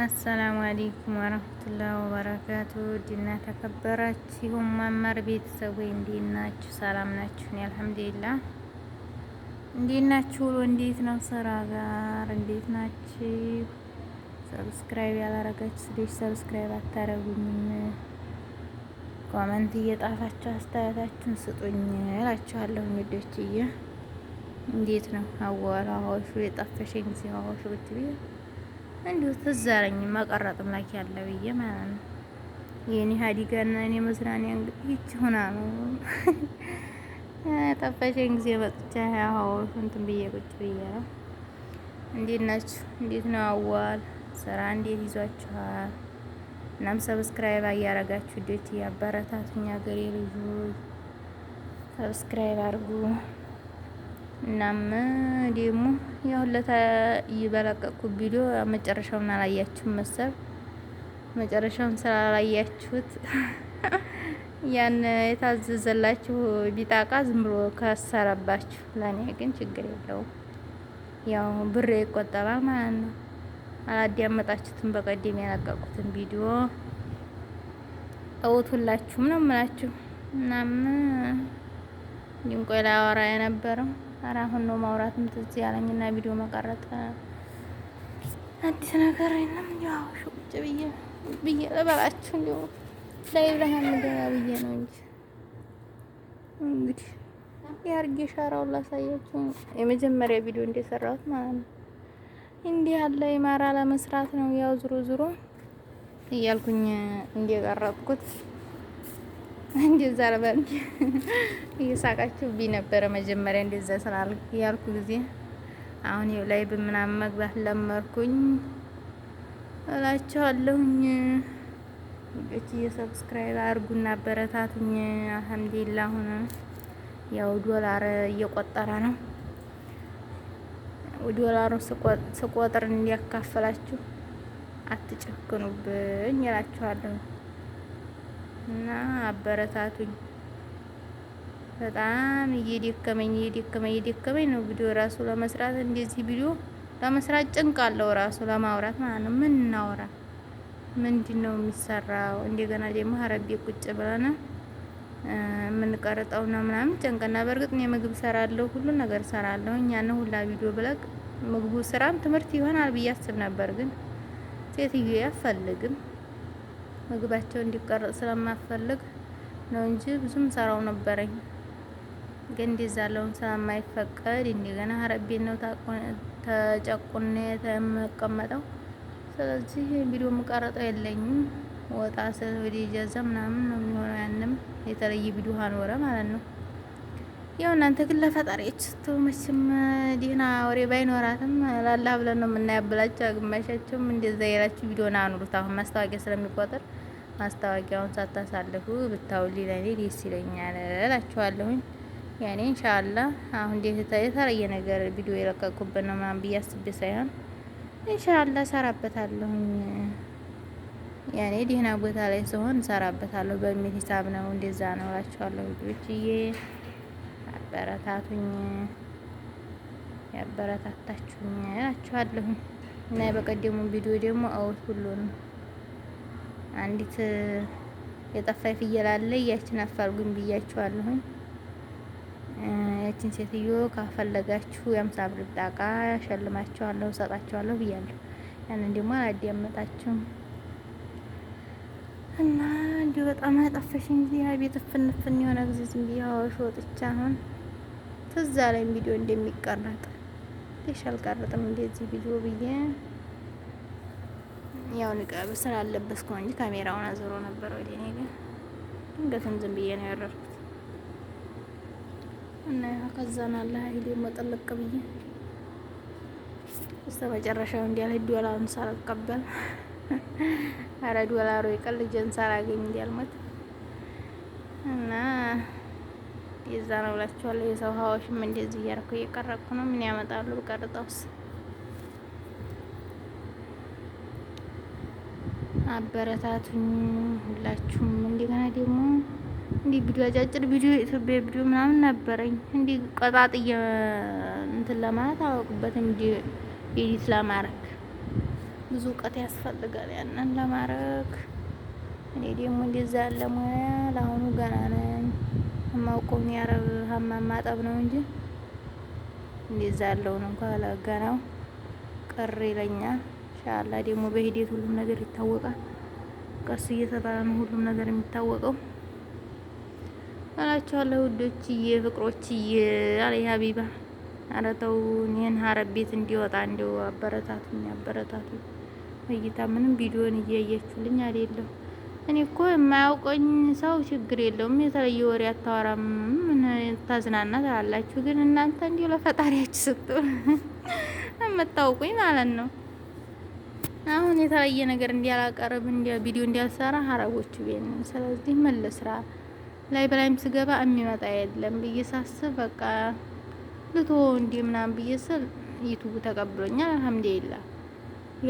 አሰላሙ አሌይኩም ወረህመቱላህ ወበረካቱ ድና ተከበራችሁ ማማር ቤተሰብ ወይ እንዴት ናችሁ? ሰላም ናችሁ? እኔ አልሐምዱሊላህ። እንዴት ናችሁ? እንዴት ነው? ስራ ጋር እንዴት ናችሁ? ሰብስክራይብ ያላረጋችሁ ስደች ሰብስክራይብ አታረጉኝም። ኮመንት እየጣፋችሁ አስተያየታችሁን ስጡኝ እላችኋለሁ። እንግዶችዬ እንዴት ነው አዋራ ሆሹ የጠፈሸኝ ሲሆን ሆሹ ብትይ እንዲሁ ትዝ አለኝ መቀረጥም ላኪ ያለ ብዬ ማለት ነው። የኔ ሀዲጋና እኔ መዝናኛ እንግዲህ ይቺ ሆና ነው ጠፋሽኝ ጊዜ መጥቻ ያው እንትን ብዬ ቁጭ ብዬ ነው። እንዴት ናችሁ? እንዴት ነው አዋል ስራ እንዴት ይዟችኋል? እናም ሰብስክራይብ እያረጋችሁ ልጆች እያበረታቱኝ ሀገሬ ልጆች ሰብስክራይብ አድርጉ። እናም ደግሞ የሁለታ እየበለቀቁ ቪዲዮ መጨረሻውን አላያችሁም መሰል። መጨረሻውን ስላላያችሁት ያን የታዘዘላችሁ ቢጣቃ ዝም ብሎ ከሰረባችሁ፣ ለእኔ ግን ችግር የለውም። ያው ብር ይቆጠባል ማለት ነው። አላዳመጣችሁትም በቀደም የለቀቁትን ቪዲዮ እውቱላችሁም ነው የምላችሁ እናም እንዲሁም ቆይ ላወራ የነበረው ኧረ አሁን ነው ማውራትም ትዝ ያለኝና ቪዲዮ መቀረጥ አዲስ ነገር የለም። ያው ሹጭ ቁጭ ብዬ ብዬ ለበላችሁ እንዲሁ ላይ ብለህም ገና ብዬ ነው እንጂ እንግዲህ ያርጌ ሻራውን ላሳያችሁ የመጀመሪያ ቪዲዮ እንደሰራሁት ማለት ነው። እንዲህ ያለ ይማራ ለመስራት ነው ያው ዙሮ ዙሮ እያልኩኝ እንደቀረጥኩት እንደዛ አልባል እየሳቃችሁብኝ ነበረ። መጀመሪያ እንደዛ ስላልኩ ያልኩ ጊዜ አሁን ይኸው ላይ በምናምን መግባት ለመርኩኝ እላችኋለሁኝ። ውዶች እየሰብስክራይብ አድርጉና አበረታቱኝ። አልሐምዱሊላህ አሁን ያው ዶላር እየቆጠረ ነው። ዶላሩ ስቆጥር እንዲያካፍላችሁ አትጨክኑብኝ እላችኋለሁ። እና አበረታቱኝ። በጣም እየደከመኝ እየደከመኝ እየደከመኝ ነው ቪዲዮ ራሱ ለመስራት እንደዚህ ቪዲዮ ለመስራት ጭንቅ አለው ራሱ ለማውራት ማለት ነው። ምን እናውራ? ምንድን ነው የሚሰራው? እንደገና ደግሞ ሀረቤ ቁጭ ብለን ነው ምናምን ጭንቅና በእርግጥ እኔ ምግብ ሰራለሁ፣ ሁሉ ነገር ሰራለሁ። እኛን ሁላ ቪዲዮ ብለቅ ምግቡ ስራም ትምህርት ይሆናል ብዬ አስብ ነበር፣ ግን ሴትዮ አፈልግም ምግባቸው እንዲቀረጥ ስለማፈልግ ነው እንጂ ብዙም ሰራው ነበረኝ። ግን እንደዛ ያለውን ስለማይፈቀድ እንደገና ሀረቤት ነው ተጨቁኔ የምቀመጠው። ስለዚህ ቪዲዮ መቀረጠው የለኝም። ወጣ ስል ወደ ኢጃዛ ምናምን ነው የሚሆነው። ያንም የተለየ ቪዲዮ አኖረ ማለት ነው። ያው እናንተ ግን ለፈጣሪዎች ስትው መቼም ወሬ ባይኖራትም ላላ ብለን ነው የምናያብላችሁ። ግማሻችሁም እንደዛ ያላችሁ ቪዲዮን አኑሩት። አሁን ማስታወቂያ ስለሚቆጥር ማስታወቂያውን ሳታሳልፉ ብታውሊ ለኔ ደስ ይለኛል እላችኋለሁኝ። ያኔ ኢንሻአላ አሁን የተለየ ነገር ቪዲዮ የለቀቁበት ነው ምናምን ብዬ አስቤ ሳይሆን ኢንሻአላ ሰራበታለሁኝ። ያኔ ደህና ቦታ ላይ ሲሆን ሰራበታለሁ በሚል ሂሳብ ነው እንደዛ ነው እላችኋለሁ። ልጆችዬ አበረታቱኝ፣ ያበረታታችሁኝ እላችኋለሁኝ እና በቀደሙ ቪዲዮ ደግሞ አውት ሁሉንም አንዲት የጠፋይ ፍየል አለ። ያችን አፋልጉኝ ብያችኋለሁኝ። ያችን ሴትዮ ካፈለጋችሁ የአምሳ ብር ጣቃ ሸልማችኋለሁ፣ ሰጣችኋለሁ ብያለሁ። ያንን ደግሞ አላዳመጣችሁም እና እንዲሁ በጣም አጠፈሽኝ። እንግዲህ አቤት ፍንፍን የሆነ ጊዜ ዝም ብዬ አዋሽ ወጥቻ አሁን ትዝ አለኝ ቪዲዮ እንደሚቀረጥ ልሽ አልቀረጥም እንደዚህ ቪዲዮ ብዬ ያው ንቀብ ስላለበስኩ ነው እንጂ ካሜራውን አዞሮ ነበር ወደ እኔ። ግን ድንገትም ዝም ብዬ ነው ያረርኩት እና ከዛና አለ ሂዶ መጠለቅ ብዬ እስከ መጨረሻው እንዲያል ዶላሩን ሳልቀበል አረ ዶላሩ ይቀል ጀን ሳላገኝ እንዲያልመት እና የዛ ነው ብላችኋለሁ። የሰው ሀዋሽም እንደዚህ እያደረኩ እየቀረኩ ነው። ምን ያመጣሉ ብቀርጠውስ? አበረታቱኝ ሁላችሁም። እንደገና ደግሞ እንዲህ ቪዲዮ አጫጭር ቪዲዮ ኢትዮጵያ ቪዲዮ ምናምን ነበረኝ እንዲህ ቀጣጥዬ እንትን ለማለት አወቅበት እንዲ ኤዲት ለማድረግ ብዙ እውቀት ያስፈልጋል ያንን ለማድረግ። እኔ ደግሞ እንደዛ ያለ ሙያ ለአሁኑ ገና ነኝ። የማውቀውን የአረብ ሀማም ማጠብ ነው እንጂ እንደዛ ያለውን እንኳ ለገናው ቅር ይለኛል። ኢንሻአላህ ደግሞ በሂደት ሁሉም ነገር ይታወቃል። ቀስ እየተባለ ነው ሁሉም ነገር የሚታወቀው እላችኋለሁ። ውዶችዬ፣ ፍቅሮችዬ አለ ሀቢባ። ኧረ ተው እኔን ቤት እንዲወጣ እንደው አበረታቱኝ፣ አበረታቱ። እይታ ምንም ቪዲዮን እያያችሁልኝ አይደለም። እኔ እኮ የማያውቀኝ ሰው ችግር የለውም። የተለየ ወሬ አታወራም፣ ምን ታዝናና ትላላችሁ። ግን እናንተ እንዲሁ ለፈጣሪያችሁ ስትሉ የምታውቁኝ ማለት ነው። አሁን የተለየ ነገር እንዲያላቀርብ እንዲያ ቪዲዮ እንዲያሰራ ሀረቦቹ ቤት ነው። ስለዚህ ምን ላይ በላይም ስገባ የሚመጣ የለም ብዬ ሳስብ በቃ ልቶ እንዲ ምናምን ብዬ ስል ዩቱቡ ተቀብሎኛል። አልሐምዱሊላህ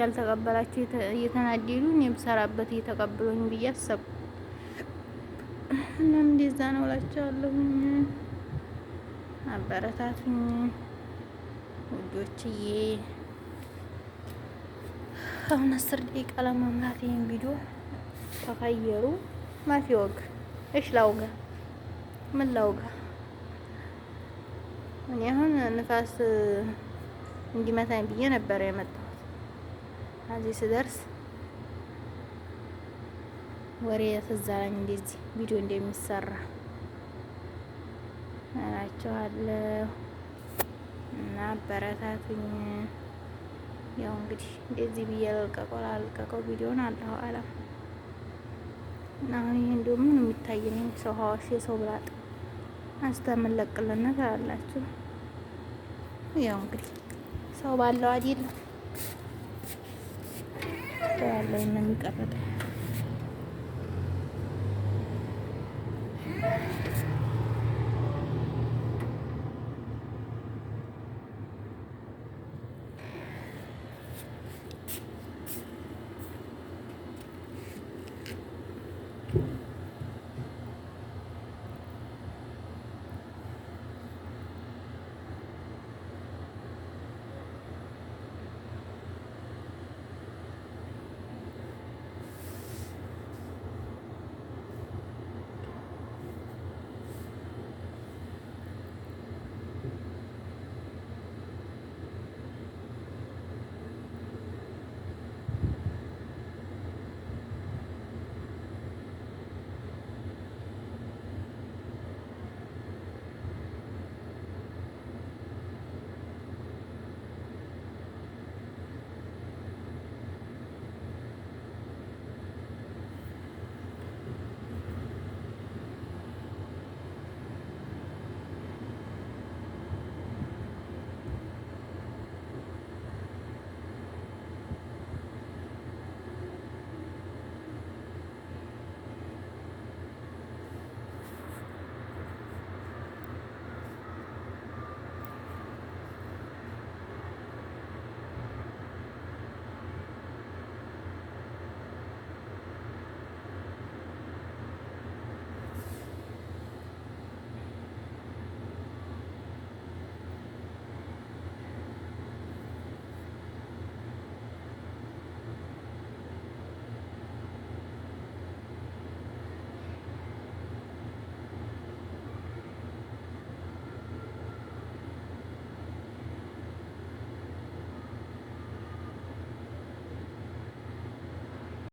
ያልተቀበላቸው እየተናደዱ እኔ ብሰራበት እየተቀብሎኝ ብዬ አሰብኩ። እናም እንደዛ ነው እላቸዋለሁኝ። አበረታቱኝ ውዶችዬ። እስካሁን አስር ደቂቃ ለማምራት ይህን ቪዲዮ ተቀየሩ ማፊ ወግ እሽ ላውጋ ምን ላውጋ እኔ አሁን ንፋስ እንዲመታኝ ብዬ ነበረ የመጣሁት። እዚህ ስደርስ ወሬ ተዛላኝ እንደዚህ ቪዲዮ እንደሚሰራ እላችኋለሁ እና አበረታቱኝ። ያው እንግዲህ እንደዚህ ብዬ አለቀቀው አለቀቀው ቪዲዮን አላሁ አላም እና አሁን ይሄ ምን የሚታይ ነው? ሰው ሀዋሽ የሰው ብላጥ አስተምለቅልን አላችሁ ያው እንግዲህ ሰው ባለው አይደል ያለው ነው የሚቀርጠው